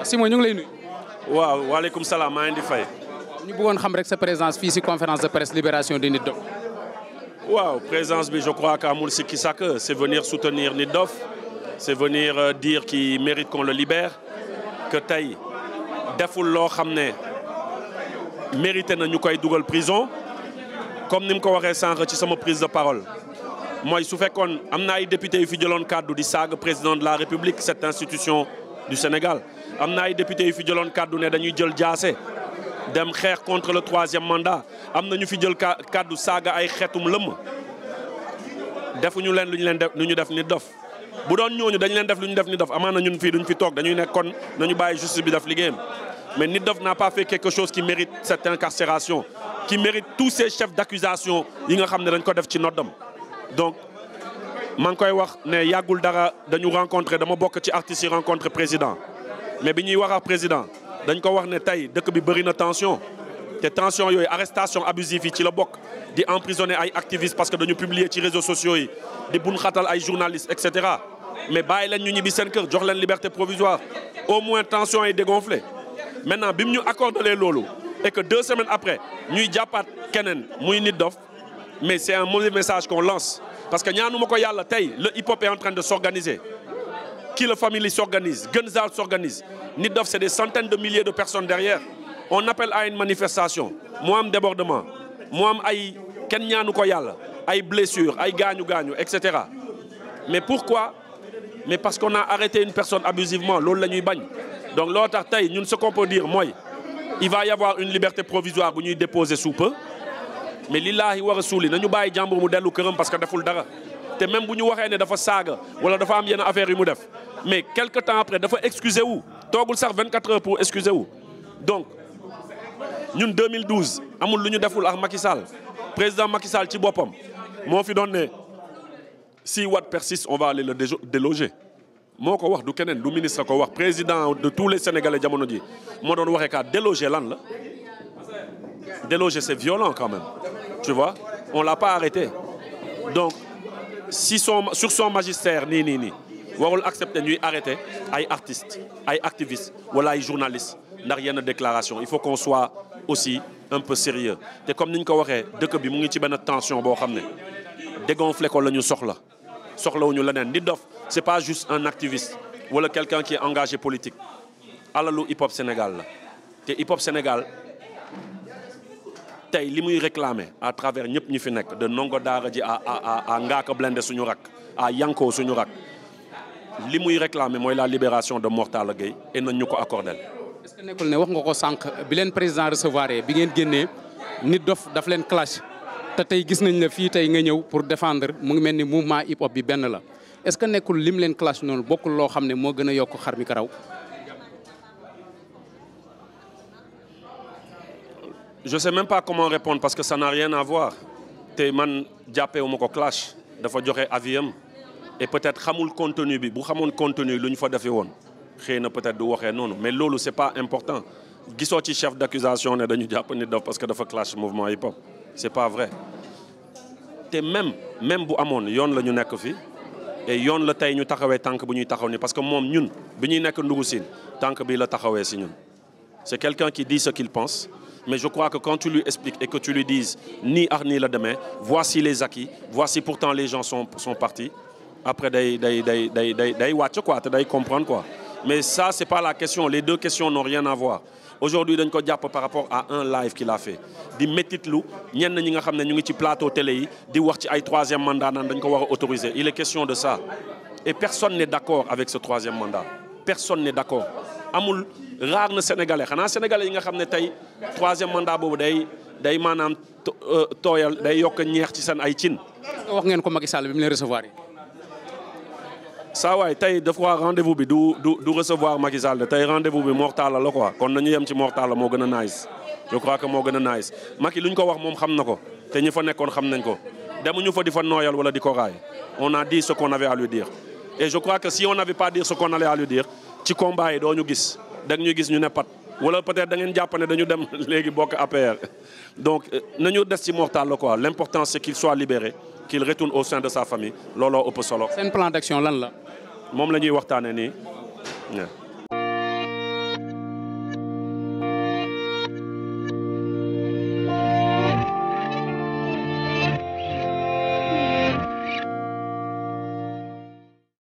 waaw Simon ñu ngi lay nuyu. waaw waaleykum salaam maa ngi fay. ñu bëggoon xam rek sa présence fii ci conférence de presse libération di Nit Doff. waaw présence bi je crois que amul sikki sàkk c'est venir soutenir Nit Doff c'est venir euh, dire qu'il mérite qu'on le libère que tey deful loo xam ne mérité na ñu koy dugal prison comme ni mu ko waxee sànq ci sama prise de parole mooy su fekkoon am na ay député yu fi jëloon kàddu di saaga président de la république cette institution du Sénégal am na ay député yu fi jëloon kàddu ne dañuy jël jaase dem xeex contre le troisième mandat am na ñu fi jël kàddu saaga ay xeetum lëmm defuñu leen lu ñu leen def lu ñu def ni dof bu doon ñooñu dañ leen def lu ñu def ni dof amaana ñun fii duñ fi toog dañuy nekk kon nañu bàyyi justice bi def liggéeyam mais Nit Dof n'a pas fait quelque chose qui mérite cette incarcération qui mérite tous ces chefs d'accusation yi nga xam ne dañ ko def ci noddam donc maa ngi koy wax ne yàggul dara dañu rencontré dama bokk ci artistes yi président mais bi ñuy wax ak président dañ ko wax ne tey dëkk bi bëri na tension te tension yooyu arrestation abusive yi ci la bokk di emprisonné ay activistes parce que dañu publier ci réseaux sociaux yi di bun xatal ay journalistes et cetera mais bàyyi leen ñu ñibbi seen kër jox leen liberté provisoire au moins tension yi dégonflé maintenant bi mu ñu accordé loolu et que deux semaines après ñuy jàppaat keneen muy ni dof mais c'est un mauvais message qu'on lance parce que ñaanuma ko yàlla tey le de s'organiser Kill Family s'organise, Gunzal s'organise. Nidof, c'est des centaines de milliers de personnes derrière. On appelle à une manifestation. Moi, un débordement. Moi, aïe, Kenya nous koyal, aïe blessure, aïe gagne gaañu etc. Mais pourquoi Mais parce qu'on a arrêté une personne abusivement. L'autre, la nuit bagne. Donc, l'autre, nous, ce qu'on peut dire, moi, il va y avoir une liberté provisoire bu ñuy déposer sous peu. mais li laahi war a suuli nañu bàyyi jàmbur mu dellu këram parce que deful dara te bu ñu waxee ne dafa saaga wala dafa am yenn affaire yu mu def mais quelque temps après dafa excusé wu toogul sax 24 heures pour excusé wu donc ñun 2012 amul lu ñu deful ak Macky Sall président Macky Sall ci boppam moo fi doon ne si Wade persiste on va aller le déloger moo ko wax du keneen du ministre ko wax président de tous les sénégalais jamono ji moo doon waxee kaa déloger lan la déloger c'est violent quand même tu vois on l'a pas arrêté donc si son sur son magistère nii nii nii warul accepter ñuy arrêter ay artistes ay activistes wala ay journalistes ndax yenn déclaration il faut qu'on soit aussi un peu sérieux te comme ni ñu ko waxee dëkk bi mu ngi ci benn tension boo xam ne dégonflé ko la ñu soxla soxlawuñu leneen di dof c'est pas juste un activiste wala quelqu'un qui engagé politique alalu hip hop Sénégal la te hip hop Sénégal tey li muy réclamer à travers ñëpp ñi fi nekk de Ndongo Daara ji à à à Ngaaka Blindé suñu rak à Yanko suñu rak li muy réclamer mooy la libération de Mortala Gueye et nañ ñu ko accordel est-ce que nekkul ne wax nga ko sànq bi leen président recevoir bi ngeen génnee nit dof daf leen clash te tey gis nañ la fii tey nga ñëw pour défendre mu ngi mel ni mu mouvement hip hop bi benn la est-ce que nekkul lim leen clash noonu bokkul loo xam ne moo gën a yokk xar mi karaw. je sais même pas comment répondre parce que ça n'a rien à te man jàppewuma ko clash dafa joxe avis et peut-être xamul contenu bi bu xamoon contenu lu ñu fa defee woon xëy na peut-être du waxee noonu mais loolu c'est pas important gisoo ci chef d'accusation ne dañu jàpp nit daf parce que dafa clash mouvement hip hop c'est pas vrai te même même bu amoon yoon la ñu nekk fii et yoon la tey ñu taxawee tànk bu ñuy taxaw ni parce que moom ñun bi ñuy nekk ndugu siin tànk bi la taxawee si ñun c'est quelqu'un qui dit ce qu'il pense mais je crois que quand tu lui expliques et que tu lui dises la demain voici les acquis voici pourtant les gens sont sont partis après day day day day day day wàcc quoi te day comprendre quoi mais ça c'est pas la question les deux questions n'ont rien à aujourd'hui dañ ko jàpp par rapport à un live qu'il a fait di métitlu ñenn ñi nga xam ne ñu ngi ci plateau télé yi di wax ci ay troisième mandat naan dañ ko war a autoriser il est question de ça et personne n'est d'accord avec ce troisième mandat personne n'est d'accord amul raar na sénégalais xanaa sénégalais yi nga xam ne tey troisième mandat boobu day day maanaam euh, tooyal day yokk ñeex ci seen ay cin. wax ngeen ko Macky Sall bi mu yi saa tey daf quoi rendez-vous bi du du du recevoir Macky Sall tey rendez bi Mor Talla la quoi kon nañu yem ci Mor Talla moo gën a nice je crois moo gën a nice Macky lu ñu ko wax moom xam na ko te ñi fa nekkoon xam nañ ko demuñu fa di fa nooyal wala di ko raay on a dit ce qu'on avait à lui dire et je crois si on n'avait pas dit ce qu'on allait à lui dire ci combat doo ñu gis dag ñu gis ñu ne wala peut-être da ngeen jàpp dañu dem léegi bokk APR donc euh, nañu des ci Mor Talla la quoi l' important c' est qu'il soit libéré qu'il retourne au sein de sa famille looloo ëpp solo. seen plan d' action lan la. moom la ñuy waxtaanee ni